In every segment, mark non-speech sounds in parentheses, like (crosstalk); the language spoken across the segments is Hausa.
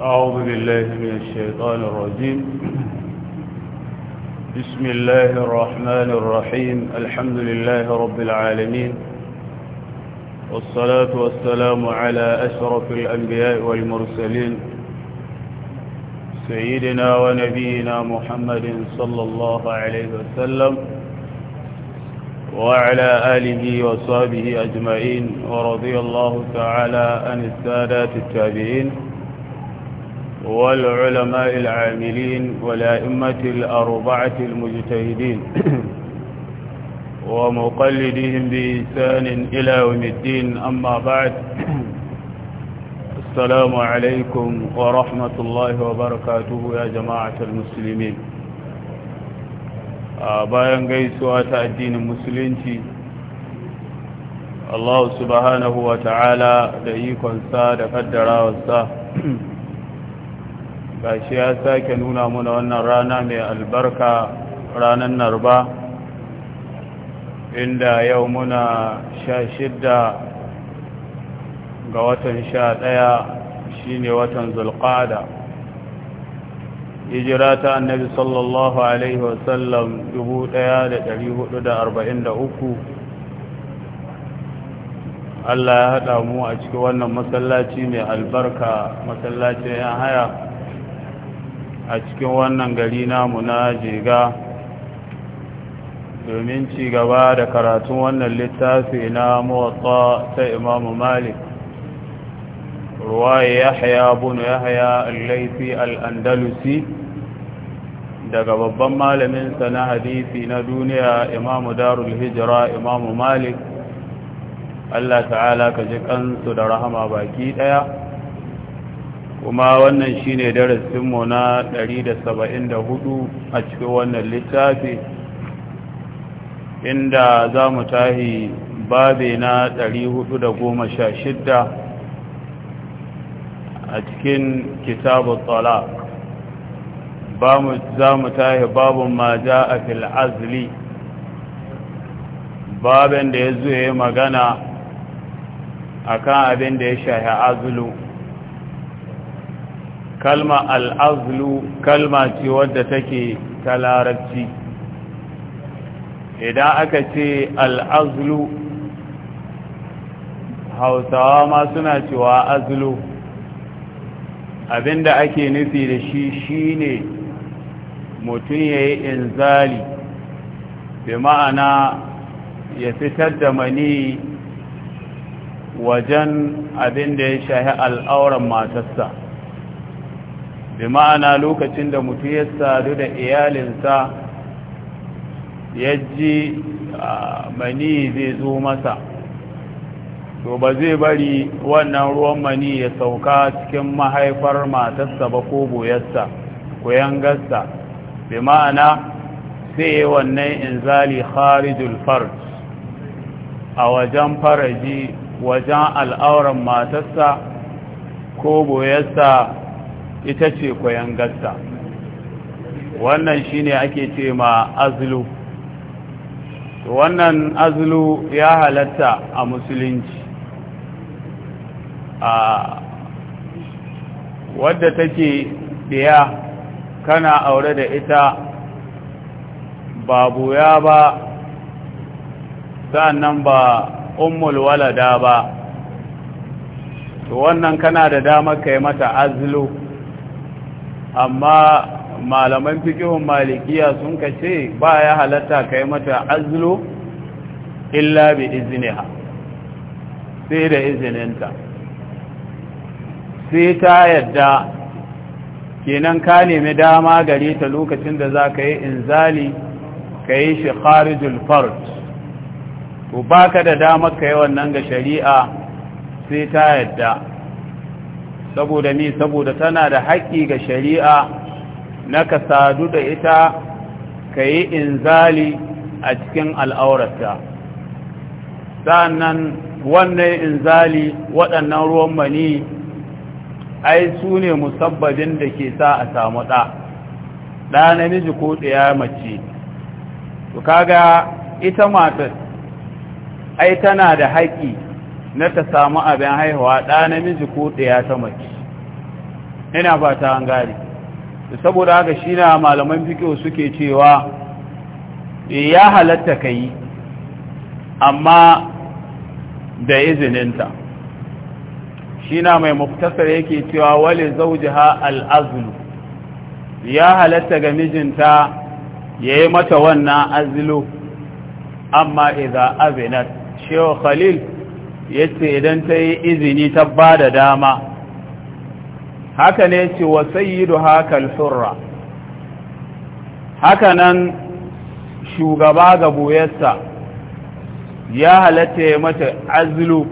أعوذ بالله من الشيطان الرجيم بسم الله الرحمن الرحيم الحمد لله رب العالمين والصلاة والسلام على أشرف الأنبياء والمرسلين سيدنا ونبينا محمد صلى الله عليه وسلم وعلى آله وصحبه أجمعين ورضي الله تعالى عن السادات التابعين والعلماء العاملين والأئمة الأربعة المجتهدين ومقلدهم بإنسان إلى يوم الدين أما بعد السلام عليكم ورحمة الله وبركاته يا جماعة المسلمين bayan gaisuwa ta addinin musulunci Allah subhanahu wa ta'ala da ikonsa da kaddarawarsa gashi ya sake nuna muna wannan rana mai albarka ranar narba inda yau muna sha shidda ga watan sha ɗaya shine watan zulƙada hijira ta annabi sallallahu alaihi wasallam 1443 Allah ya haɗa mu a cikin wannan masallaci mai albarka masallacin ya haya a cikin wannan gari namu na jega domin cigaba da karatun wannan littafi na motsa ta imamu malik ya haya bunu ya haya laifi alandalusi daga babban malaminsa na hadithi na duniya imamu darul hijira imamu malik Allah ta'ala ka ji kansu da rahama baki ɗaya. kuma wannan shine darasinmu na 174 a cikin wannan littafi inda za mu tahi babe na 416 a cikin kitabu talaq za mu tahi babin ma a fil'azli babin da ya zuwa magana akan abin da ya shahi azulu kalma al'azlu kalma ce wadda take ta larabci idan aka ce al'azlu hausawa ma suna cewa azlu abinda ake nufi da shi shine mutum ya yi inzali bi ma'ana ya fitar da mani wajen abinda ya shahi al'auran matarsa bi ma'ana lokacin da mutu ya sadu da iyalinsa ya ji mani zai zo masa to ba zai bari wannan ruwan mani ya sauka cikin mahaifar matarsa ba ko boyarsa ko yangarsa bi ma'ana sai yi wannan inzali kharijul farj a wajen faraji wajen al'auran matarsa ko boyarsa ita ce koyan gasta wannan shine ake ce ma azlu wannan azlu ya halatta a musulunci a wadda take ɗaya kana aure da ita babu ya ba sa'annan ba ummul walada ba to wannan kana da damar kai mata azlu amma malaman fikihun malikiya sun ka ce ba ya halatta kai mata azlo illa bi izniha sai da izininta sai ta yadda kenan ka nemi dama gare ta lokacin da za ka yi inzali ka yi shi kharijul fard to baka da damar ka yi wannan ga shari'a sai ta yadda saboda ni, saboda tana da haƙƙi ga shari'a na ka sadu da ita ka yi inzali a cikin al'aurata sannan wannan inzali waɗannan ruwan mani ai su ne musabbabin da ke sa a samu ɗa ɗa namiji ko ɗaya mace to ga ita matar ai tana da haƙƙi na ta samu abin haihuwa ɗa namiji ko ɗaya ta mace ina ba ta hangari saboda haka shi na malaman fikiyo suke cewa ya halatta ka yi amma da izininta shi na mai muktasar yake cewa wale zauji ha al'azulu ya halatta ga mijinta ya yi mata wannan azulu amma iza abinat shewa khalil yace idan ta yi izini ta ba da dama haka ne ce wa sayyidu hakal surra haka nan shugaba ga buyarsa ya halatta ya mata azlu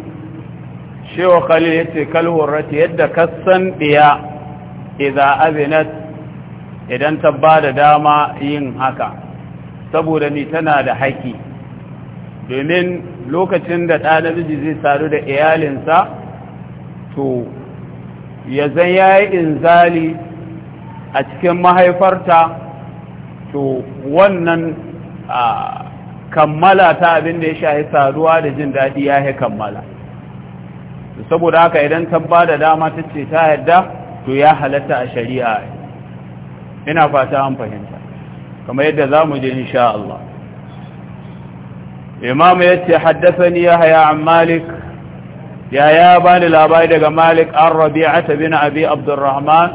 shewa khalil yace kal hurrati yadda kasan ɗiya idza azinat idan ta ba da dama yin haka saboda ni tana da haƙi domin lokacin da ɗa zai saru da iyalinsa to ya zan ya yi inzali a cikin mahaifarta to wannan kammala ta abin da ya shahi saruwa da jin daɗi ya yi kammala saboda haka idan ta da dama ta ce ta yadda to ya halatta a shari'a ina fata an fahimta kamar yadda za mu je insha Allah imam ya ce haddasani ya haya an malik ya ya bani labari daga malik an rabi'a ta bin abi abdurrahman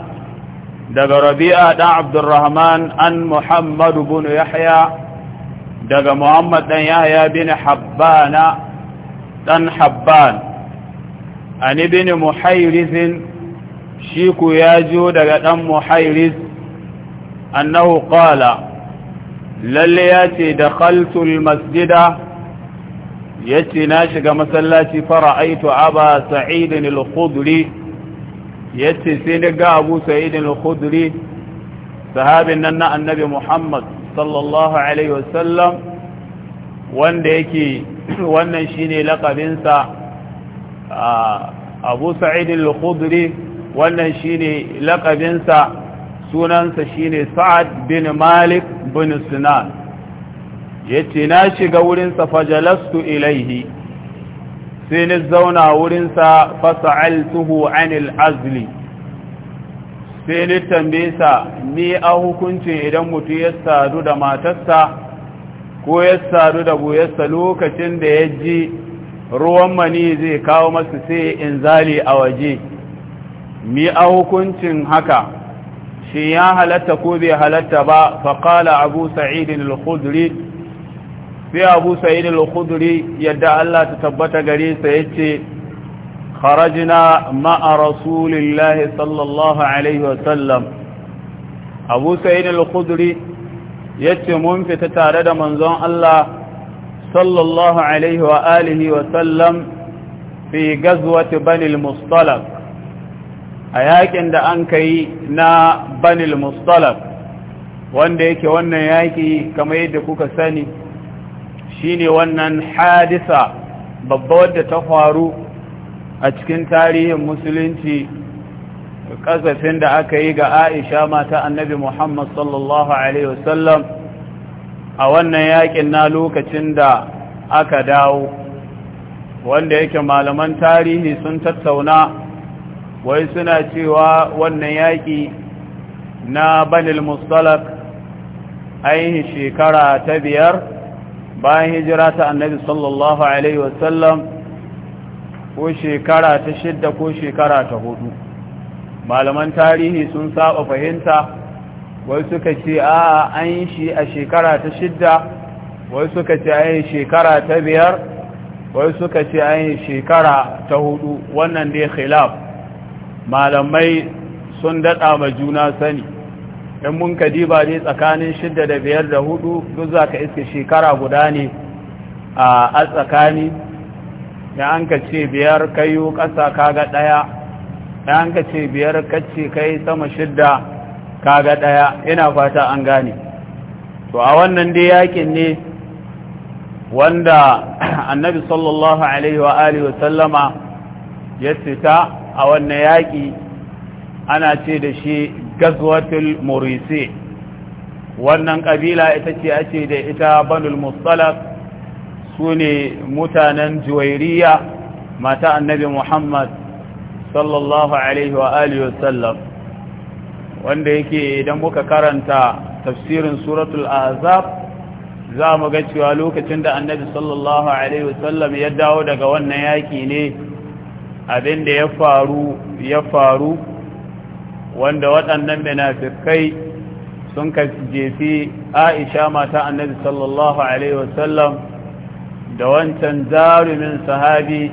daga rabi'a dan abdurrahman an muhammadu bin yahya daga muhammad dan yahya bin habbana dan habban an ibn muhairizin shi ku ya jo daga dan muhayriz annahu qala lalle ya ce dakhaltu almasjida yace na shiga masallaci aito aba sa'id al-khudri yace sai na ga abu sa'id al-khudri sahabin nan na annabi Muhammad sallallahu alaihi wasallam wanda yake (clears throat) wannan shine laƙabinsa abu sa'id al-khudri wannan shine laqabinsa sunansa ne sa'ad bin malik bin sinan yace na shiga wurinsa fajalastu ilaihi sai ni zauna wurinsa fasa'altuhu anil azli sai ni tambesa ni a hukuncin idan mutu ya sadu da matarsa ko ya sadu da buyarsa lokacin da ya ji ruwan mani zai kawo masa sai in inzali a waje mi a hukuncin haka shi ya halatta ko bai halatta ba faƙala abu sa'idin al-khudri sai abu sa'id al-khudri yadda Allah ta tabbata gare sa yace kharajna ma'a rasulillahi sallallahu alaihi wa sallam abu sa'id al-khudri yace mun fita tare da manzon Allah sallallahu alaihi wa alihi wa sallam fi gazwati bani al-mustalaq a yakin da an kai na bani al-mustalaq wanda yake wannan yaki kamar yadda kuka sani shine wannan hadisa babba wadda ta faru a cikin tarihin musulunci kasafin da aka yi ga aisha mata annabi muhammad sallallahu alaihi wasallam a wannan yakin na lokacin da aka dawo wanda yake malaman tarihi sun tattauna wai suna cewa wannan yaki na banil mustalak ainihin shekara ta biyar bayan hijira ta annabi sallallahu alaihi wasallam ko shekara ta shidda ko shekara ta hudu malaman tarihi sun saba fahimta wai suka ce a an yi shi a shekara ta shidda wai suka ce a yi shekara ta biyar wai suka ce a yi shekara ta hudu wannan dai khilaf malamai sun daɗa ma juna sani in mun ka diba ne tsakanin shidda da biyar da hudu duk za ka iske shekara guda ne a tsakani ya an ka ce biyar kayu ƙasa kaga ɗaya ya an ka ce biyar ka kai sama shidda kaga ɗaya ina fata an gane to a wannan dai yakin ne wanda (clears throat) annabi sallallahu alaihi wa alihi wa sallama ya fita a wannan yaƙi ana ce da shi gazwatul murisi wannan ƙabila ita ce ake da ita banul mustalak su mutanen juwairiya mata annabi muhammad sallallahu alaihi wa alihi wanda yake idan muka karanta tafsirin suratul azab za mu ga cewa lokacin da annabi sallallahu alaihi sallam ya dawo daga wannan yaki ne abin da ya faru ya faru wanda waɗannan munafikai sun ka jefi Aisha mata Annabi sallallahu alaihi wasallam da wancan zarumin sahabi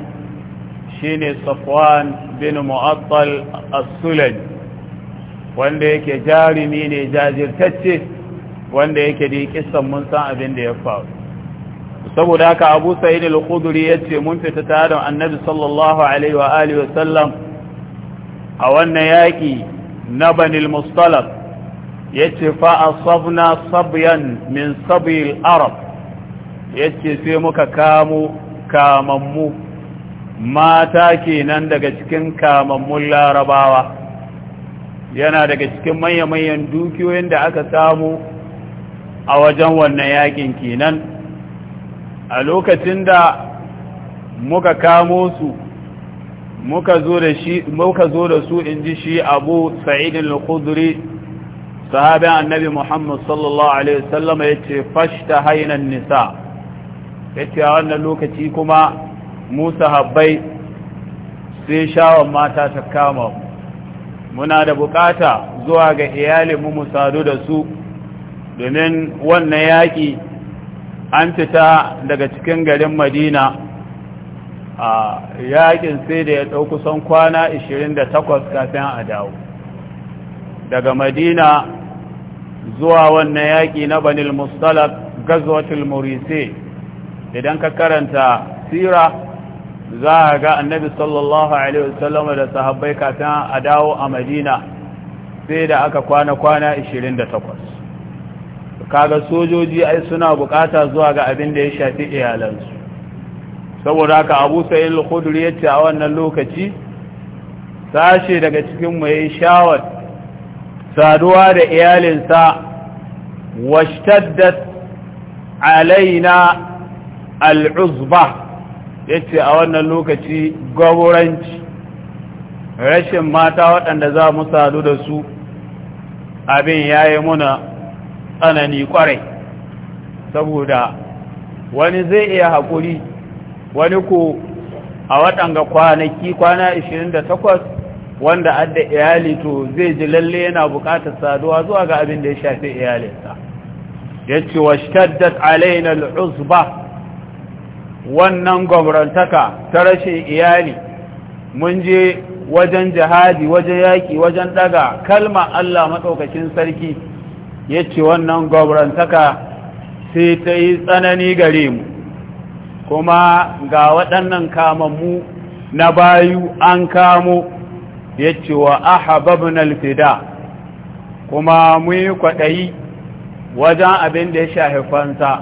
shine Safwan bin Mu'attal as-Sulaj wanda yake jarumi ne jajirtacce wanda yake da kissan mun san abin da ya faru saboda haka abu sa'id al-khudri yace mun fita tare da annabi sallallahu alaihi wa alihi wa sallam a wannan yaki na banil mustalab ya ce fa'asabna sabyan min sabil arab ya ce sai muka kamo kamammu mata kenan daga cikin kamammun larabawa yana daga cikin manya-manyan dukiyoyin da aka samu a wajen wannan yakin kenan a lokacin da muka kamo su muka zo da su in ji su inji shi Abu Sa'id al-Khudri sahabi annabi Muhammad sallallahu alaihi wasallam yace fashta hainan nisa yace a wannan lokaci kuma Musa Habbai. sai shawon mata ta kama muna da bukata zuwa ga iyalinmu mu sadu da su domin wannan yaƙi an fita daga cikin garin Madina a yakin sai da ya ɗau kusan kwana 28 kafin a dawo daga madina zuwa wannan yaƙi na banil mustalak gazwatul idan ka karanta sira za a ga annabi sallallahu alaihi wasallama da sahabbai kafin a dawo a madina sai da aka kwana-kwana 28 kaga sojoji ai suna bukata zuwa ga abin da ya shafi iyalansu saboda haka abu sa'id al-khudri ya ce a wannan lokaci sashe daga cikin mai shawar saduwa da iyalinsa washtaddat alaina al-uzba yace a wannan lokaci gaburanci rashin mata waɗanda za mu sadu da su abin yayi muna tsanani kwarai saboda wani zai iya haƙuri wani ku a waɗanga kwanaki kwana 28 wanda adda iyali to zai ji lalle yana buƙatar saduwa zuwa ga abin da ya shafi iyalinsa ya ce wa shaddat alaina al'uzba wannan gwamnataka ta rashin iyali mun je wajen jihadi wajen yaƙi wajen ɗaga kalma Allah maɗaukacin sarki ya ce wannan gwamnataka sai ta yi tsanani gare mu kuma ga waɗannan kamammu na bayu an kamo ya ce wa ahababin alfida kuma mu yi kwaɗayi wajen abin da ya shahi fansa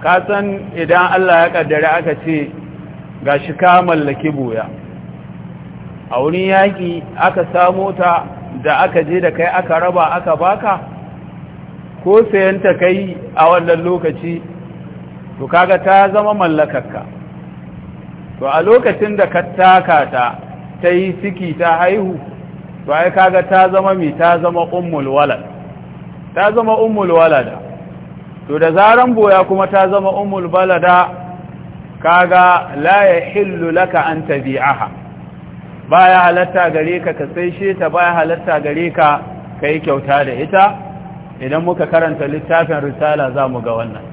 kasan idan Allah ya ƙaddari aka ce ga shi ka mallaki boya a wurin yaƙi aka samo ta da aka je da kai aka raba aka baka ko sayanta kai a wannan lokaci to kaga ta zama mallakarka to a lokacin da ka taka ta ta yi ciki ta haihu to ai kaga ta zama mi ta zama ummul walad ta zama ummul walada to da zaran boya kuma ta zama ummul balada kaga la yahillu laka an tabi'aha baya halatta gare ka ka saishe ta baya halatta gare ka kai kyauta da ita idan muka karanta littafin risala za mu ga wannan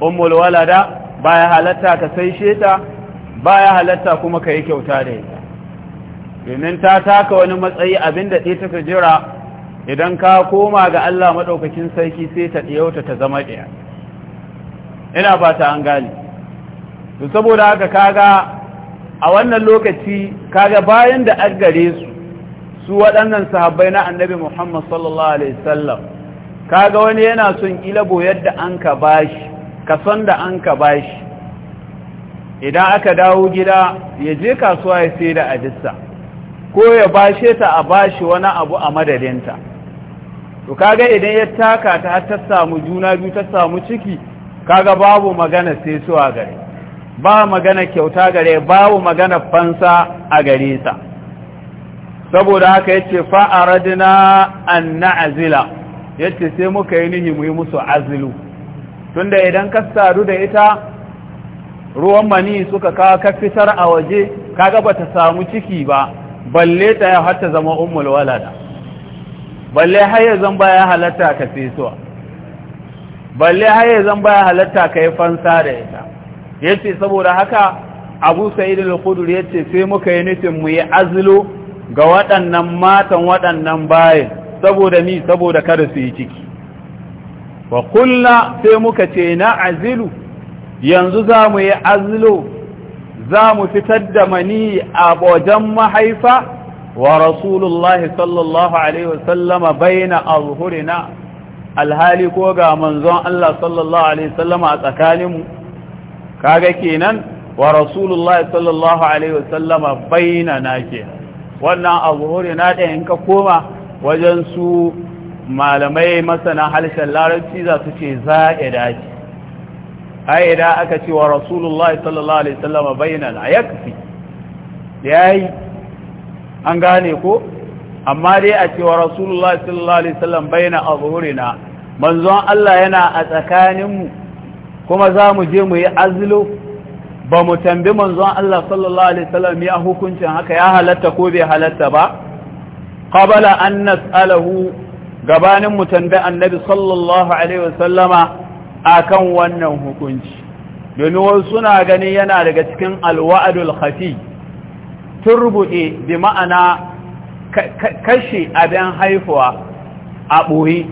ummul walada baya halatta ka sai sheta baya halatta kuma ka yi kyauta da ita domin ta taka wani matsayi abinda ɗaya ta jira idan ka koma ga Allah maɗaukakin sarki sai ta ɗiyauta ta zama ɗaya ina ba ta an gane to saboda haka kaga a wannan lokaci kaga bayan da an gare su su waɗannan sahabbai na annabi Muhammad sallallahu alaihi wasallam kaga wani yana son kila yadda da an ka bashi kason da an ka bashi idan aka dawo gida ya je kasuwa ya sai da ajista ko ya bashe ta a bashi wani abu a madadinta to kaga idan ya taka ta har ta samu juna biyu ta samu ciki kaga babu magana sai su a gare ba magana kyauta gare babu magana fansa a gare sa saboda haka yace fa aradna an na'zila yace sai muka yi nihi mu yi musu azlu tunda idan ka sadu da ita ruwan mani suka ka ka fitar a waje kaga bata samu ciki ba balle ta ya hatta zama ummul walada balle har ya zan baya halatta ka fesuwa balle har ya zan baya halatta ka yi fansa da ita yace saboda haka Abu Sayyidul al yace sai muka yi nufin mu yi azlo ga waɗannan matan waɗannan bayin saboda ni saboda kada su yi ciki wa kulla sai muka ce na azilu yanzu za mu yi azlo za mu fitar da mani a wajen mahaifa wa rasulullahi sallallahu alaihi wasallama baina azhurina alhali ko ga manzon Allah sallallahu alaihi wasallama a tsakaninmu kaga kenan wa rasulullahi sallallahu alaihi wasallama baina nake. wannan azhurina da in ka koma wajen su malamai masana harshen larabci za su ce za za'ida ce aida aka ce wa rasulullahi sallallahu alaihi Ya bayyana ya yi, an gane ko amma dai a ce wa rasulullahi sallallahu alaihi sallam a bayyana azhurina manzon Allah yana a tsakaninmu kuma za mu je mu yi azlo ba mu tambi manzon Allah sallallahu alaihi sallam ya hukuncin haka ya halatta ko bai halatta ba qabala an nas'alahu gabanin mu tambayi annabi sallallahu alaihi wasallama akan wannan hukunci domin wasu suna ganin yana daga cikin alwa'adul khafi turbuɗe bi ma'ana kashe abin haifuwa a ɓoye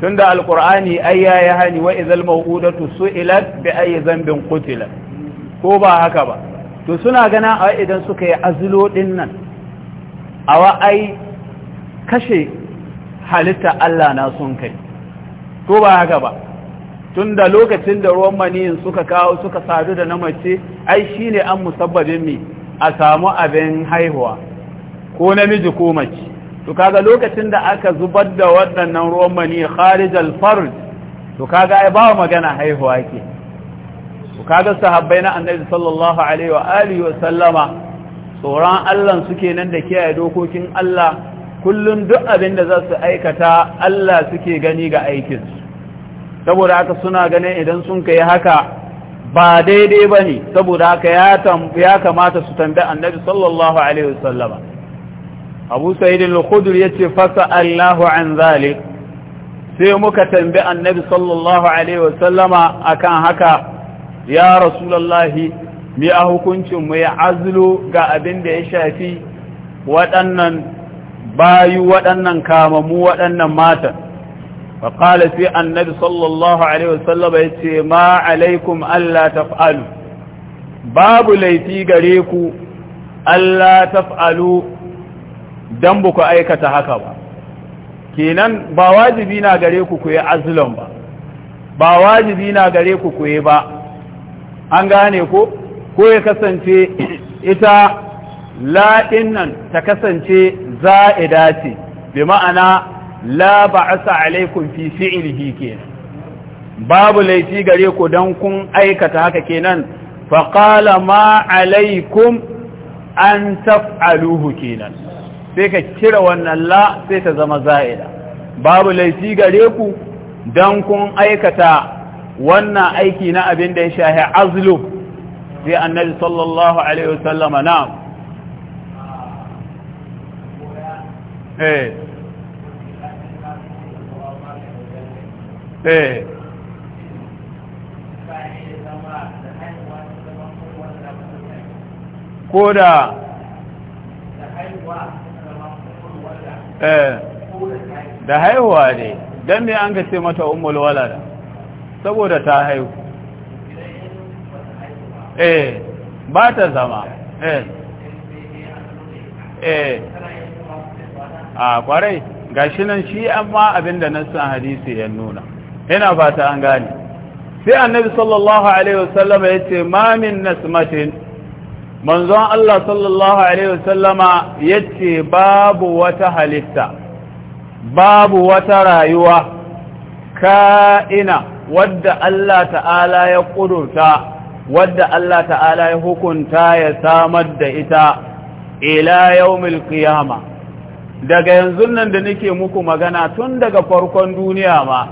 tunda alkur'ani ai ya yi hani wa izal mawudatu su'ilat bi ayi zambin qutila ko ba haka ba to suna gana a idan suka yi azulo din nan a wa'ai kashe halitta Allah na sun kai ko ba haka ba tun da lokacin da ruwan maniyin suka kawo suka sadu da na mace ai shi an musabbabin mi a samu abin haihuwa ko namiji ko mace to kaga lokacin da aka zubar da waɗannan ruwan mani kharijal al-farj to kaga ai ba magana haihuwa ke to kaga sahabbai na annabi sallallahu alaihi wa alihi wa sallama tsoron Allah suke nan da kiyaye dokokin Allah kullum duk abin da za su aikata Allah suke gani ga aikinsu saboda haka suna ganin idan sun kai haka ba daidai ba ne saboda haka ya kamata su tambi annabi sallallahu alaihi wasallama abu sa'idin al ya ce fasa allahu an zalik sai muka tambi annabi sallallahu alaihi wasallama akan haka ya rasulallahi mi a hukuncin mu ya azulu ga abin da ya shafi waɗannan bayu waɗannan kamamu waɗannan matan faƙala sai annabi sallallahu alaihi wasallam ya ce ma alaikum Allah taf'alu babu laifi gare ku Allah taf'alu dan ba ku aikata haka ba kenan ba wajibi na gare ku ku yi azlan ba ba wajibi na gare ku ku yi ba an gane ko ko ya kasance ita la'in nan ta kasance za'ida ce bi ma'ana la ba'asa alaikum fi fi'ilihi kenan babu laifi gare ku dan kun aikata haka kenan fa qala ma alaikum an taf'aluhu kenan sai ka kira wannan la sai ta zama za'ida babu laifi gare ku dan kun aikata wannan aiki na abin da ya shahi Azlub. sai annabi sallallahu alaihi wasallama na'am eh, eh. ko da eh. da haihuwa ne don ne an ce mata umul walada saboda ta haihu eh ba ta zama eh eh a kwarai shi nan shi amma abinda nassin hadisi ya nuna ina fata an gane sai annabi sallallahu alaihi wasallam ya ce ma min nasmatin manzon Allah sallallahu alaihi wasallama yace babu wata halitta babu wata rayuwa ka'ina wadda Allah ta'ala ya kudurta wadda Allah ta'ala ya hukunta ya samar da ita ila yawmil qiyamah daga yanzu nan da nake muku magana tun daga farkon duniya ma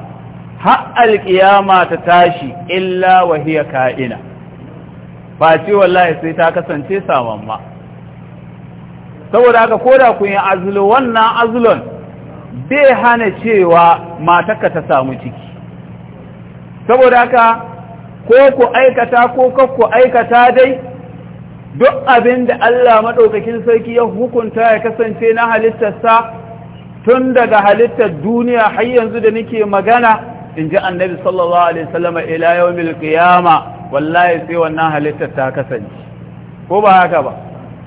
har alƙiyama ta tashi illa wahiya ka'ina ba ce wallahi sai ta kasance ma saboda haka koda kun yi azulu wannan azulon bai hana cewa matarka ta samu ciki saboda haka ko ku aikata ko ku aikata dai duk abin da Allah maɗaukakin sarki ya hukunta ya kasance na halittarsa tun daga halittar duniya har yanzu da nake magana in ji annabi sallallahu alaihi wasallama ila yawmil milkiyama. wallahi sai wannan halittar ta kasance ko ba haka ba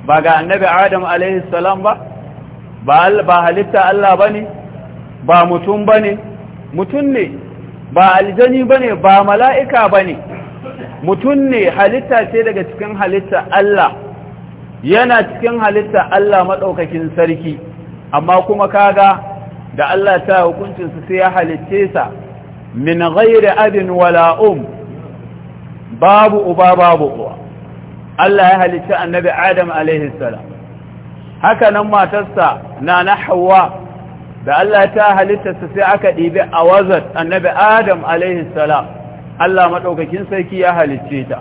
ba ga annabi adam alaihi salam ba ba halitta Allah ba ne? ba mutum ba ne? mutum ne ba aljani bane ba mala'ika ba ne. mutum ne halitta ce daga cikin halitta Allah yana cikin halitta Allah maɗaukakin sarki amma kuma kaga da Allah ta hukuncinsu sai ya halitce sa min ghairi abin wala um babu uba babu uwa Allah ya halitta annabi Adam alaihi salam haka nan matarsa na na Hawwa da Allah ta halitta sai aka ɗibi a wazat annabi Adam alaihi salam Allah madaukakin sarki ya halicce ta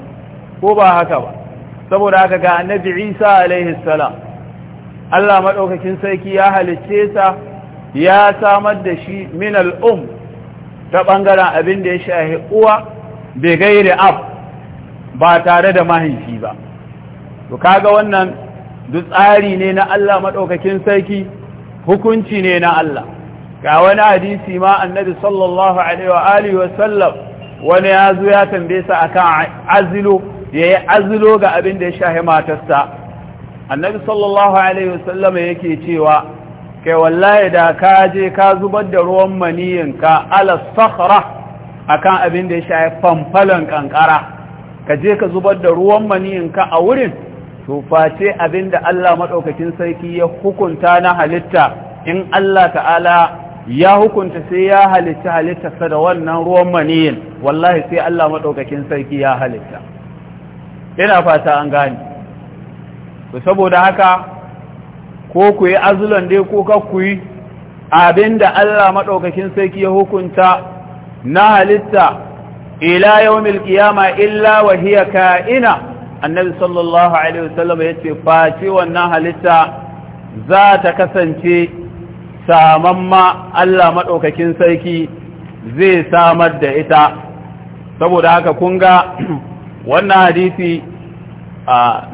ko ba haka ba saboda haka ga annabi Isa alaihi salam Allah maɗaukakin sarki ya halicce ta ya samar da shi min um ta bangaren abin da ya shahi uwa bai gaire ab ba tare da mahaifi ba to kaga wannan duk tsari ne na Allah madaukakin sarki hukunci ne na Allah ga wani hadisi ma annabi sallallahu alaihi wa alihi wa sallam wani ya zo ya tambaye sa akan azilo ya yi azilo ga abin da ya shahi matarsa annabi sallallahu alaihi wasallam yake cewa kai wallahi da ka je ka zubar da ruwan maniyinka ala sakhra akan abin da ya shahi fanfalan kankara ka je ka zubar da ruwan maniyinka a wurin to face abin da Allah madaukakin sarki ya hukunta na halitta in Allah ta'ala ya hukunta sai ya halitta sa da wannan ruwan maniyin wallahi sai Allah maɗaukakin sarki ya halitta ina fata an gani to saboda haka ko ku yi azulan dai ko ka ku yi abinda Allah maɗaukakin sarki ya hukunta na halitta ila yawmil qiyama illa wa hiya ka'ina annabi sallallahu alaihi wasallam yace face wannan halitta za ta kasance samamma Allah maɗaukakin sarki zai samar da ita saboda haka kunga (clears throat) wannan hadisi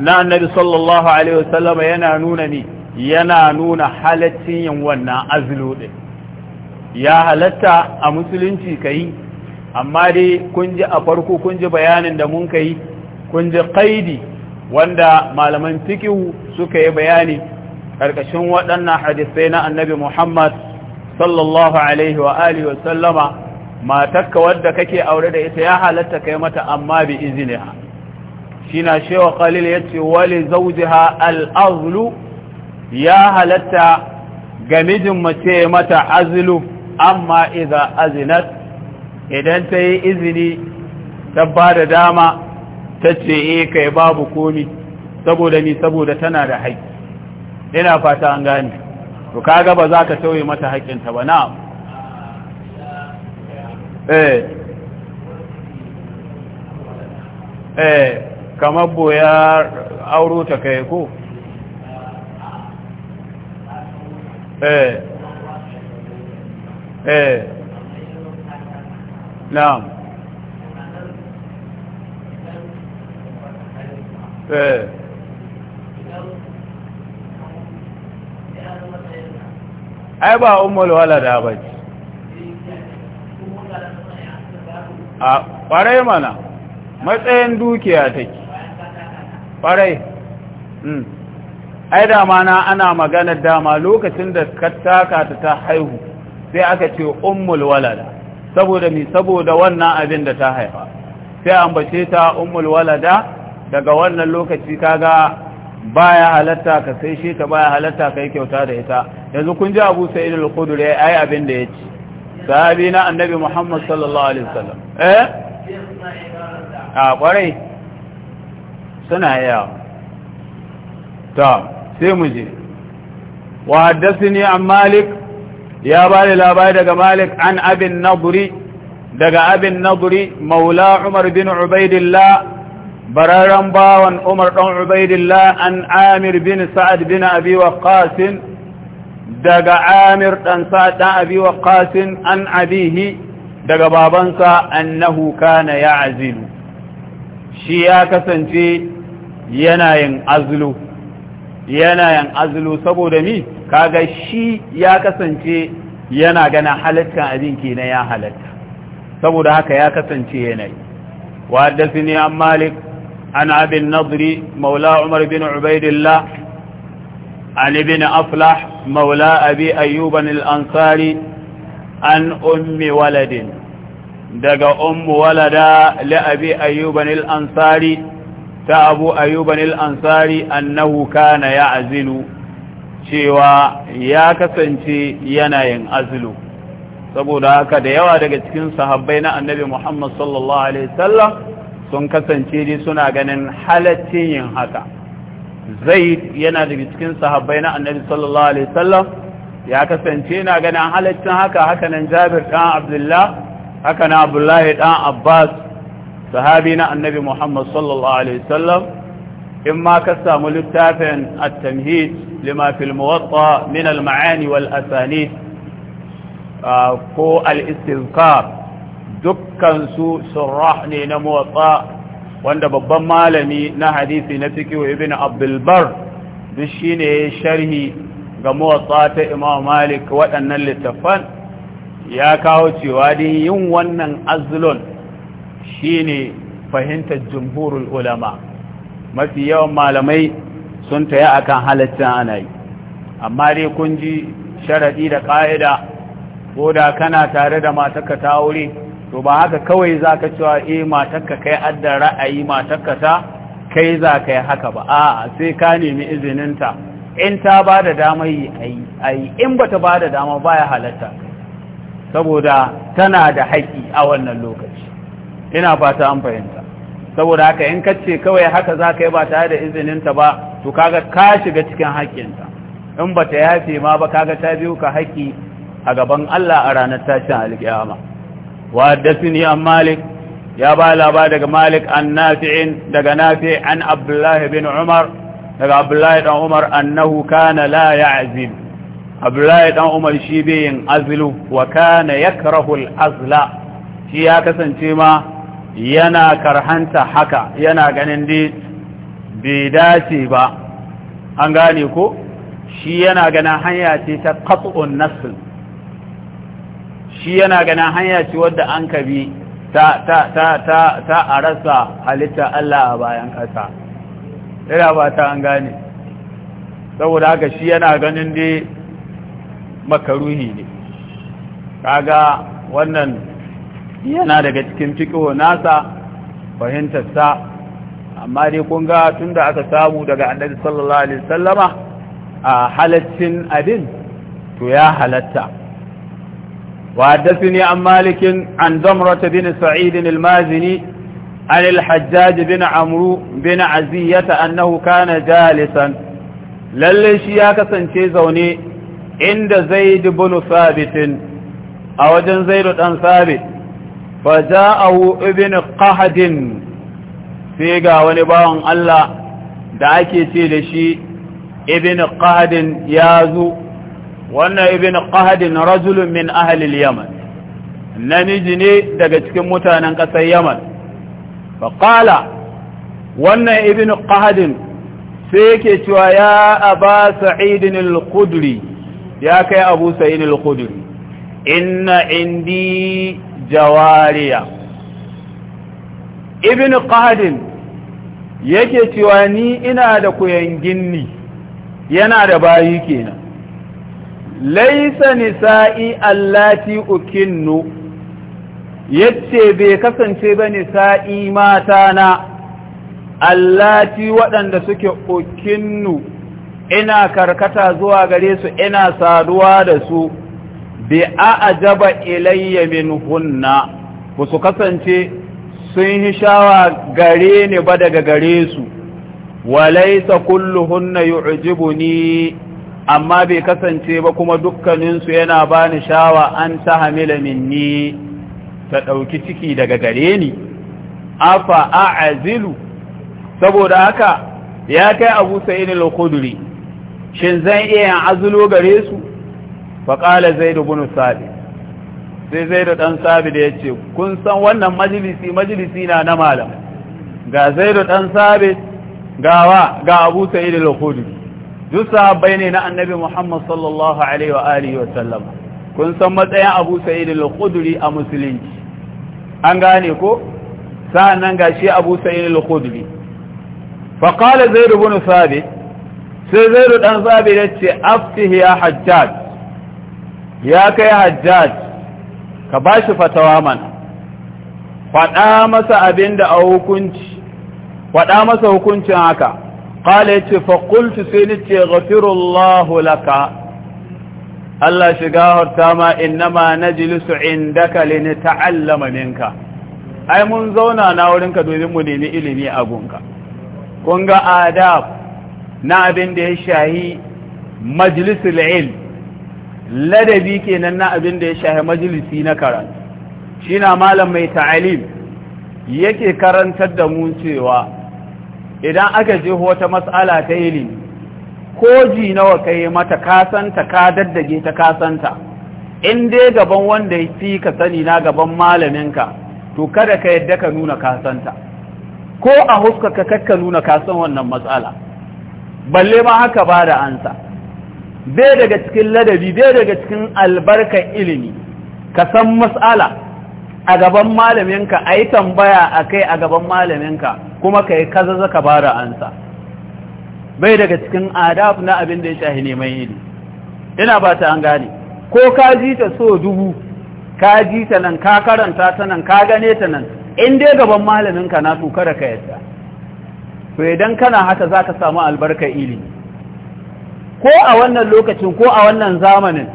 na annabi sallallahu alaihi wasallam yana nuna ni yana nuna halaccin yin wannan azlu din ya halatta a musulunci kai amma dai kun ji a farko kun ji bayanin da mun kai kun ji qaidi wanda malaman fiqh suka yi bayani ƙarƙashin waɗannan hadisai na annabi Muhammad sallallahu alaihi wa wa sallama matakka wadda kake aure da ita ya halatta kai mata amma bi izniha shina shewa khalil ce wali zawjiha al-azlu ya halatta ga mace mata azlu amma idza azinat idan ta yi izini ta ba da dama ta ce eh, kai babu komi saboda ni saboda tana da haƙƙi ina fata an gani. to kaga ba za ka tauye mata haƙƙinta ba na eh eh kamar boya auro ta kai ko eh eh na eh ai ba umul walada ba ce a kwarai mana matsayin dukiya take Kwarai? Hmm. ai dama na ana maganar dama lokacin da kattaka ta ta haihu sai aka ce umul walada saboda mi saboda wannan abin da ta haifa sai ambace ta umul walada daga wannan lokaci kaga baya halatta ka sai shi ta baya halatta yi kyauta da ita yanzu kun ji Abu Sa'id al-Khudri ai abin da ci. sahabi na Annabi Muhammad sallallahu alaihi wasallam eh a kwarai suna yawa ta sai mu je wa haddathani an Malik ya bani labari daga Malik an Abin Nadri daga Abin Nadri maula Umar bin Ubaidillah bararren bawan umar ɗan ubaidillah an amir bin sa'ad bin abi waqqas daga amir ɗan sa'ad ɗan abi waqqas an abihi daga babansa annahu kana azilu shi ya kasance yanayin azlu yanayin azlu saboda mi kaga shi ya kasance yana gana halatta abin na ya halatta saboda haka ya kasance yanayi wa ne an malik عن أبي النضر مولى عمر بن عبيد الله عن ابن أفلح مولى أبي أيوب الأنصاري عن أم ولد دق أم ولدا لأبي أيوب الأنصاري فأبو أيوب الأنصاري أنه كان يعزل cewa ya kasance yanayin azlu saboda haka da yawa daga cikin sahabbai na annabi Muhammad sallallahu alaihi wasallam sun kasance dai suna ganin halaccin yin haka zaid yana daga cikin sahabbai na annabi sallallahu alaihi wasallam ya kasance na ganin halaccin haka haka nan jabir dan abdullah haka nan abdullahi dan abbas sahabi na annabi muhammad sallallahu alaihi wasallam in ma ka samu littafin at-tamhid lima fil muwatta min al-ma'ani wal asanid ah, ko al-istizkar dukkansu surah ne na muwatsa wanda babban malami na hadisi na wa ibn abdulbar duk shi ne sharhi ga muwatsa ta imam malik waɗannan littafan ya kawo cewa din yin wannan azlon shine ne fahimtar jumhurul ulama mafi yawan malamai sun taya akan halaccin ana yi amma dai kun ji sharaɗi da ƙa'ida ko da kana tare da mataka ta aure to ba haka kawai za ka cewa eh matakka kai adda ra'ayi matakka ta kai za ka yi haka ba a sai ka nemi izininta in ta ba da dama yi ayi in ba ta ba da dama ba ya halatta saboda tana da haƙi a wannan lokaci ina fata an fahimta saboda haka in ce kawai haka za ka yi ba tare da izininta ba to kaga ka shiga cikin haƙƙinta in ba ta yafe ma ba kaga ta biyu ka haƙi a gaban Allah a ranar tashin alƙiyama وحدثني عن مالك يا بالا بعدك مالك عن نافع دق نافع عن عبد الله بن عمر دق عبد الله بن عمر أنه كان لا يعزل عبد الله بن عمر شيبين أزل وكان يكره الأزل شيئا كسنتيما yana karhanta haka yana ganin dai bai dace ba an gane ko shi yana ganin hanya ce ta katsun nasil shi yana ganin hanya ce wadda an ka bi ta a rasa halitta Allah a bayan ƙasa ina ba ta an gane saboda haka shi yana ganin dai makaruhi ne kaga wannan yana daga cikin fiƙo nasa fahimtarsa amma dai kun ga tun da aka samu daga annabi sallallahu alaihi sallama a halaccin abin to ya halatta وحدثني عن مالك عن زمرة بن سعيد المازني عن الحجاج بن عمرو بن عزية أنه كان جالسا للشياكة سنشيزوني عند زيد بن ثابت أو جن زيد بن ثابت فجاءه ابن قهد فيقى ونباهم الله دعكي تيلشي ابن قهد يازو wannan ibn qahadin rajulun min ahlil yaman namiji ne daga cikin mutanen ƙasar yaman fa qala wannan ibn qahadin sai yake cewa ya aba sa'idin al-khudri ya kai abu sa'id al-khudri inna indi jawariya ibn qahadin yake cewa ni ina da kuyangin ni yana da bayi kenan laisa nisa'i allati ukinnu yace bai kasance ba nisa'i mata na allati waɗanda suke ukinnu ina karkata zuwa gare su ina saduwa da su bi a'jaba ilayya minhunna ba su kasance sun yi shawa gare ni ba daga gare su hunna kulluhunna yu'jibuni amma bai kasance ba kuma dukkaninsu yana ba ni shawa an ta hamila minni ta ɗauki ciki daga gare ni afa a'azilu saboda haka ya kai abu sa'id al-khudri shin zan iya yin azulo gare su fa zai zaid ibn sabi sai zaid dan sabi da ce kun san wannan majalisi majalisi na na malam ga zaid dan sabi gawa ga abu sa'id al-khudri duk sahabbai ne na annabi Muhammad sallallahu alaihi wa wa sallam kun san matsayin Abu Sa'id al-Khudri a musulunci an gane ko sa'annan gashi Abu Sa'id al-Khudri fa zai Zaid ibn Thabit sai Zaid dan Thabit yace aftih ya Hajjaj ya kai Hajjaj ka bashi fatawa mana faɗa masa abinda a hukunci faɗa masa hukuncin haka قال يتي فقلت سينتي غفر الله لك الله شقاهر تاما إنما نجلس عندك لنتعلم منك أي من زونا ناولنك دوذن مديني إليني أقونك كونغ آداب نابن ده شاهي مجلس العلم ladabi kenan na abin da ya shahi majalisi na karatu shi na malam mai ta'alim yake karantar da mu cewa idan aka je wata matsala ta ilimi ko ji nawa ka yi mata kasanta ka daddage ta kasanta in dai gaban wanda ya fi ka sani na gaban malaminka to kada ka yadda ka nuna kasanta ko a huska ka kakka nuna kasan wannan matsala balle ma haka ba da ansa bai daga cikin ladabi bai daga cikin albarkar ilimi ka san matsala a gaban malaminka a yi tambaya a kai a gaban malaminka kuma ka yi kaza zaka bara ansa bai daga cikin adab na abin da ya shahi neman ili ina ba ta an gane ko ka ji ta so dubu ka ji ta nan ka karanta ta nan ka gane ta nan in dai gaban malaminka na so kada ka yadda to idan kana haka zaka samu albarka ilimi ko a wannan lokacin ko a wannan zamanin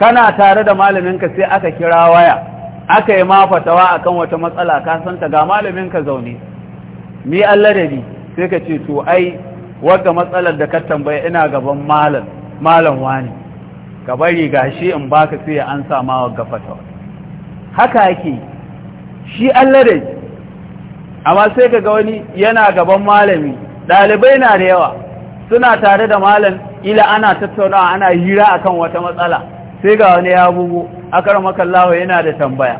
kana tare da malaminka sai aka kira waya aka yi ma fatawa akan wata matsala ka san ta ga malamin ka zaune mi Allah da ni sai ka ce to ai wadda matsalar da ka tambaya ina gaban malam malam wani ka bari gashi in baka sai ya ansa ma ga fatawa haka yake shi Allah da amma sai ka ga wani yana gaban malami Dalibai na da yawa suna tare da malam ila ana tattaunawa ana hira akan wata matsala sai ga wani ya bugu akaramakallahu yana da tambaya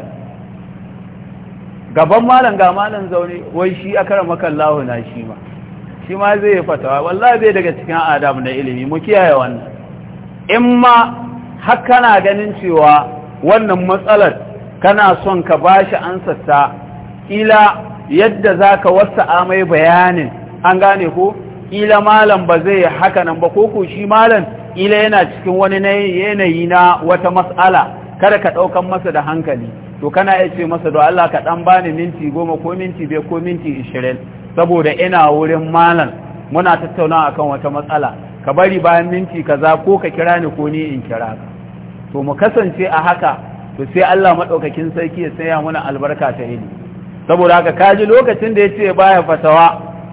gaban malam ga malam zaune wai shi akaramakallahu na shi ma shi ma zai yi fatawa wallahi bai daga cikin adam na ilimi mu kiyaye wannan in ma har kana ganin cewa wannan matsalar kana son ka bashi ansarta ila yadda zaka wasa amai bayanin an gane ko ila malam ba zai haka nan ba ko ko shi malam ila yana cikin wani yanayi na wata mas'ala kada ka ɗaukan masa da hankali to kana iya ce masa da Allah ka ɗan bani minti goma ko minti biyu, ko minti ishirin saboda ina wurin malam muna tattaunawa akan wata matsala ka bari bayan minti kaza ko ka kira ni ko ni in kira ka to mu kasance a haka to sai Allah maɗaukakin sarki ya saya mana albarka ta iri. saboda haka kaji lokacin da yace baya fatawa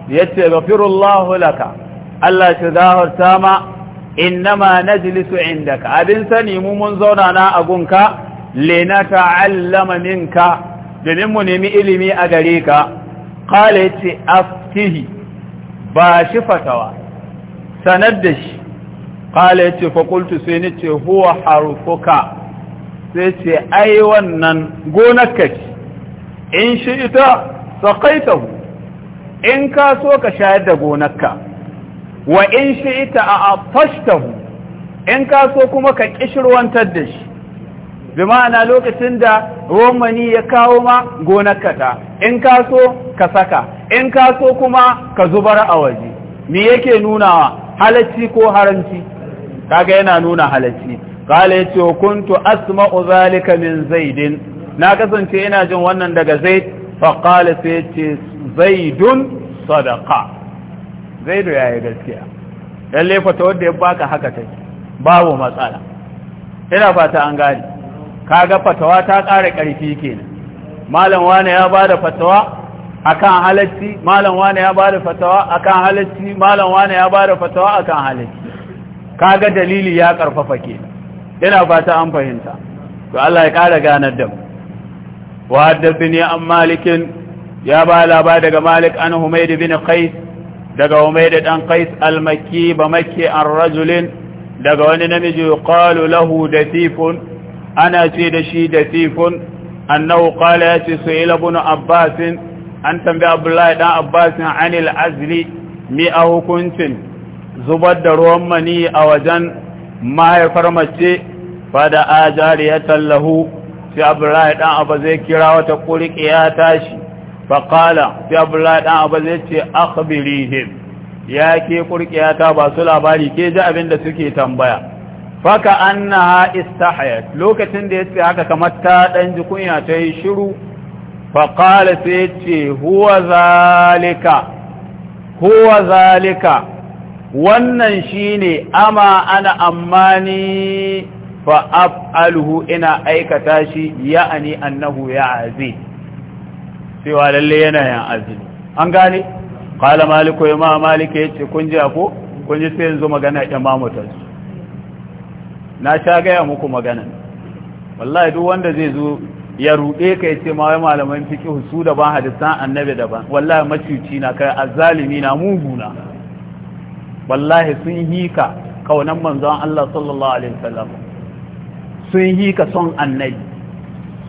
yace ghafirullahu laka Allah ya zahar ma innama najlisu indaka abin sani mu mun zauna na a gunka linata'allama minka domin mu nemi ilimi a gare ka qala yace aftihi ba shi fatawa sanar da shi qala yace fa qultu sai ni ce huwa harfuka sai ce ai wannan gonarka ce in shi ita saqaitahu in ka so ka shayar da gonarka wa in ita a afashtahu in kaso kuma ka kishirwantar da shi bi na lokacin da romani ya kawo ma gonakata in kaso ka saka in ka kuma ka zubar a waje me yake nuna halacci ko haramci kaga yana nuna halacci qala yace kuntu asma'u zalika min zaidin na kasance ina jin wannan daga zaid fa qala sai yace zaidun sadaqa zaidu ya yi gaskiya lalle fata wadda ya baka haka take babu matsala ina fata an gani kaga fatawa ta ƙara ƙarfi kenan malam wane ya bada fatawa akan halacci malam wane ya bada fatawa akan halacci malam wane ya bada fatawa akan halacci kaga dalili ya karfafa ke ina fata an fahimta to Allah ya ƙara ganar da mu wa haddathani an malikin ya ba laba daga malik an humaid bin qais daga umaida dan qais al-makki ba makki an rajulin daga wani namiji yuqalu lahu datifun ana ce da shi datifun annahu qala ya ce ila ibn abbas an tambayi abdullahi dan abbas anil azli mi a hukuncin zubar da ruwan mani a wajen mahaifar mace fada ya tallahu sai abdullahi dan abbas zai kira wata ya tashi faƙala sai ɗan abu zai ce akhbirihim ya ke kurkiya ta ba su labari ke ji abin da suke tambaya faka annaha istahayat lokacin da yace haka kamar ta ɗan ji kunya ta yi shiru faƙala sai ce huwa zalika huwa zalika wannan shine ama ana ni fa alhu ina aikata shi ya'ani annahu ya'azi cewa lalle yana yan azumi an gane kala maliko ya ma malike yace kun ji ko kun ji sai yanzu magana imamu ta na sha gaya muku magana wallahi duk wanda zai zo ya rude ka ce ma wai malaman fiqh su da ban hadisan annabi da ban wallahi maciuci na kai azalimi na na wallahi sun hika kaunan manzon Allah sallallahu alaihi wasallam sun hika son annabi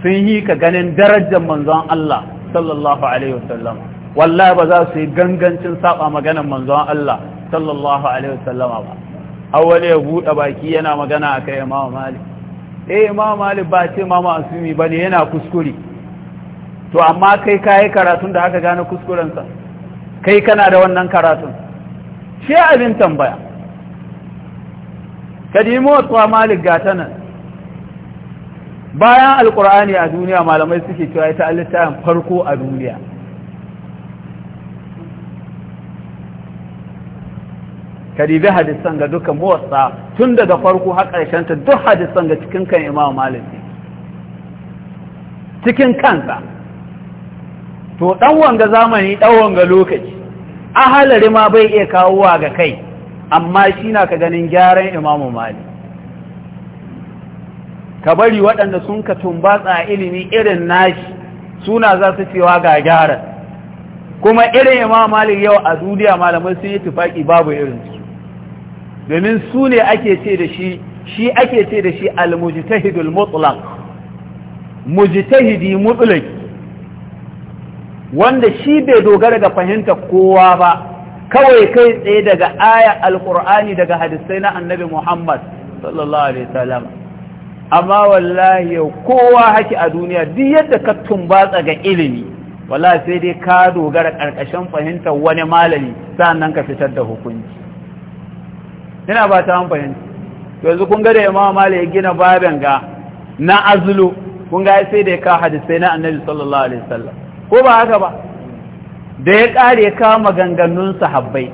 sun hika ganin darajar manzon Allah sallallahu alaihi wasallam wallahi ba za su yi gangancin saba maganar manzon Allah sallallahu alaihi wasallam ba awale ya bude baki yana magana akai Imam Malik eh Imam Malik ba ce Imam Asumi bane yana kuskure to amma kai kai karatun da aka gane kuskuren sa kai kana da wannan karatun shi abin tambaya kadimo wa Malik gatanan bayan alkur'ani a duniya malamai suke cewa ita littafin farko a duniya karibi hadisan ga duka motsa tun daga farko har ta duk hadisan ga cikin kan imam malik cikin kansa to dan wanga zamani dan wanga lokaci ahalari ma bai iya kawowa ga kai amma shi na ka ganin gyaran imamu malik ka bari waɗanda sun ka tumbatsa ilimi irin nashi suna za su cewa ga gyara kuma irin imam malik yau a duniya malamai sun yi tufaki babu irin su domin su ne ake ce da shi shi ake ce da shi al-mujtahidul mutlaq mujtahidi mutlaq wanda shi bai dogara ga fahimta kowa ba kawai kai tsaye daga aya alqur'ani daga hadisai na annabi Muhammad sallallahu alaihi wasallam amma wallahi kowa haki a duniya duk yadda ka tumbatsa ga ilimi wallahi sai dai ka dogara ƙarƙashin fahimtar wani malami sannan ka fitar da hukunci ina ba ta fahimta yanzu kun ga da 'yamma malami gina baben ga na azlu kun ga sai dai ka hadisai na annabi sallallahu alaihi wasallam ko ba haka ba da ya kare ka maganganun sahabbai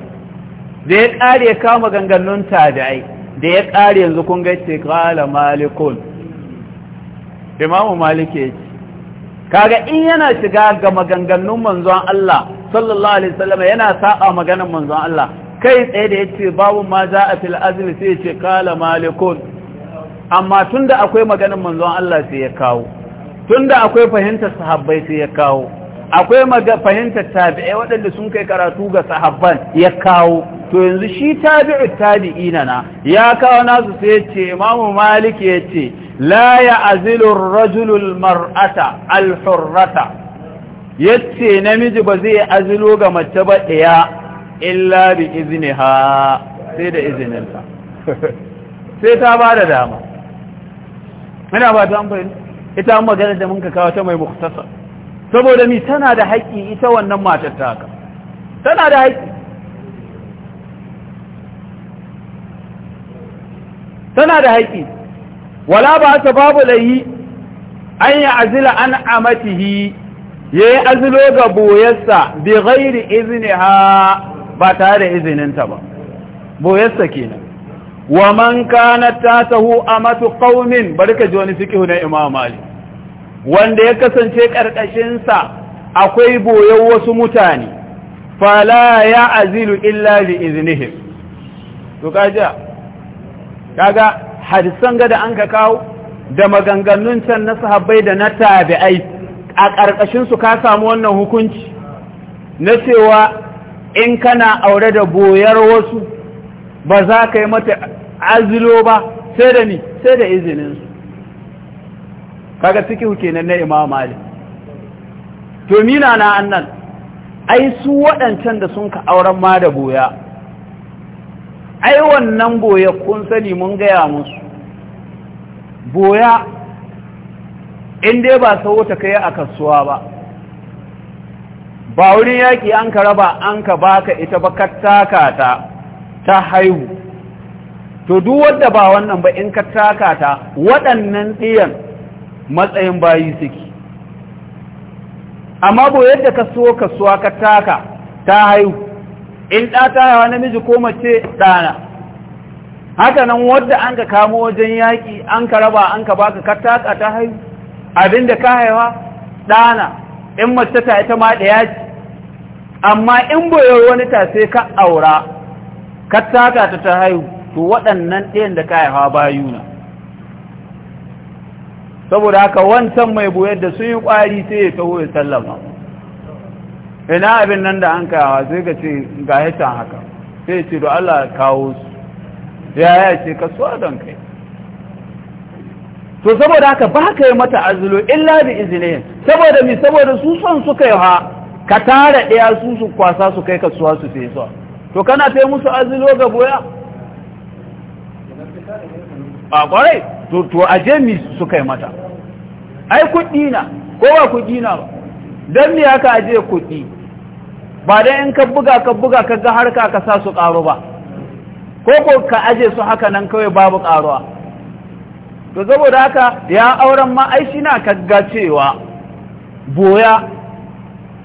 da ya kare ka maganganun tabi'ai da ya ƙare yanzu kun ga ce kala malikun imamu maliki ya kaga in yana shiga ga maganganun manzon Allah sallallahu alaihi wasallam yana saba maganar manzon Allah kai tsaye da yace babu ma a fil azl sai ya ce kala malikun amma tunda akwai maganar manzon Allah sai ya kawo tunda akwai fahimtar sahabbai sai ya kawo akwai fahimtar tabi'ai waɗanda sun kai karatu ga sahabban ya kawo to yanzu shi tabi'u tabi'ina na ya kawo nasu sai ya ce imamu malik ya ce la ya azilur rajulul mar'ata alhurrata ya ce namiji ba zai azilo ga mace ba ɗaya illa bi izniha sai da izininta (laughs) sai ta ba da dama ina ba ta amfani ita an magana da mun kawo ta mai muktasa saboda mi tana da haƙƙi ita wannan matattaka tana da haƙƙi tana da haƙƙi wala ba ta babu layi an ya azila an amatihi ya yi azilo ga boyarsa bi ghairi izini ha ba tare da izininta ba boyarsa kenan wa man kana ta tasahu amatu qaumin barka ji wani fiqhu na imam mali wanda ya kasance karkashin sa akwai boyar wasu mutane fala ya azilu illa bi iznihim to kaja kaga hadisan ga da an ka kawo da maganganun can na sahabbai da na tabi'ai a ƙarƙashin su ka samu wannan hukunci na cewa in kana aure da boyar wasu ba za ka yi mata azilo ba sai da ni sai da izinin su kaga fikihu kenan na Imam Malik to mina na annan ai su waɗancan da sun ka auren ma da boya ai wannan boye kun sani mun gaya musu boya in dai ba sau ta kai a kasuwa ba ba wurin yaƙi an ka raba an ka baka ita ba ka taka ta ta haihu to duk wadda ba wannan ba in ka taka ta waɗannan ɗiyan matsayin bayi suke amma boye yadda ka so kasuwa ka taka ta haihu in ɗa ta na namiji ko mace ɗana haka nan wadda an ka kamo wajen yaƙi an ka raba an ka baka ka ta haihu abinda ka haihuwa ɗana in mace ta ita ma ɗaya ce amma in boyar wani ta sai ka aura ka ta ta haihu to waɗannan ɗayan da ka haifa bayuna saboda haka wancan mai boyar da sun yi ƙwari sai ya taho ya sallama ina abin nan da an kawo sai ka ce ga hita haka sai ce do Allah kawo su ya ya ce ka so don kai to saboda haka ba ka yi mata azulu illa bi izinin saboda mi saboda su son suka yi ha ka tara ɗaya su su kwasa su kai kasuwa su sai su to kana ta musu azulu ga boya a kwarai to to aje mi su kai mata ai kuɗi na ko ba kuɗi na ba don me haka aje kuɗi ba dai in ka buga ka buga ka ga harka ka sa su ƙaro ba ko ko ka aje su haka nan kawai babu ƙaruwa to saboda haka ya auren ma ai shi na kagga cewa boya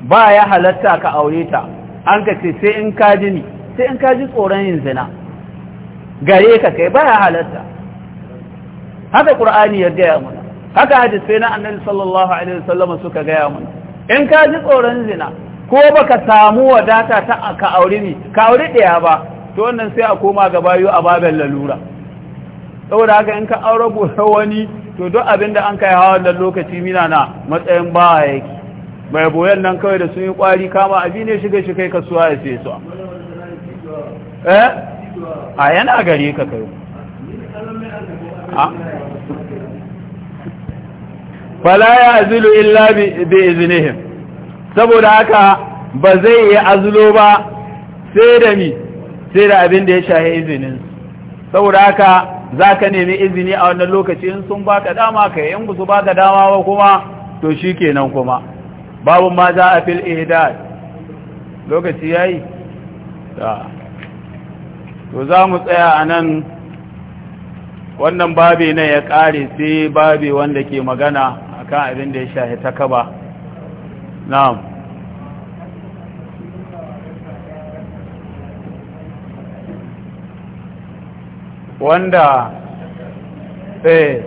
ba ya halatta ka aure ta an ka ce sai in ka ji ni sai in ka ji tsoron yin zina gare ka kai ba ya halatta haka qur'ani ya gaya mana haka hadisi na annabi sallallahu alaihi wasallam suka gaya mana in ka ji tsoron zina ko baka samu wadata ta ka aure ni ka aure ɗaya ba to wannan sai a koma ga bayo a babin lalura saboda haka in ka aure bota (laughs) wani to duk abin da an kai hawa wannan lokaci mina na matsayin ba yake mai boyan nan kawai da sun yi kwari kama abi ne shiga shi kai kasuwa ya sai su eh a yana gare ka kai fala ya zilu illa bi saboda haka ba zai yi azulo ba sai da mi sai da abin da ya shahe izinin saboda haka za ka nemi izini a wannan lokaci in sun ka dama ka yi su ka dama ba kuma to shi kenan kuma babu ma za a fil ihdad lokaci ya yayi to za mu tsaya a nan wannan babi na ya ƙare sai babi wanda ke magana akan abin da ya shahe takaba na'am wanda eh,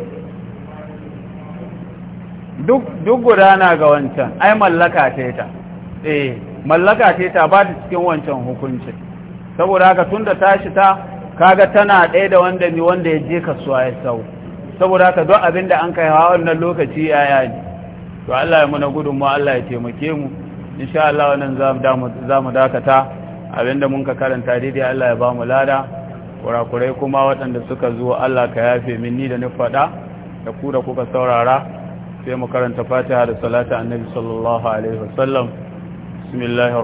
duk gudana ga wancan ai mallaka ce ta eh mallaka ce ta ba ta cikin wancan hukunci saboda haka tunda tashi ta kaga tana ɗaya da wanda wanda ya je kasuwa ya sau saboda haka don abinda an kai hawa wannan lokaci ya yaji to Allah ya muna mu. Allah ya taimake mu insha Allah wannan za mu dakata abinda mun ka karanta daidai Allah ya ba mu lada kurakurai kuma waɗanda suka zo Allah ka yafe min ni da ni faɗa da ku da kuka saurara sai mu karanta fatiha da Salatu annabi sallallahu alaihi wasallam bismillahir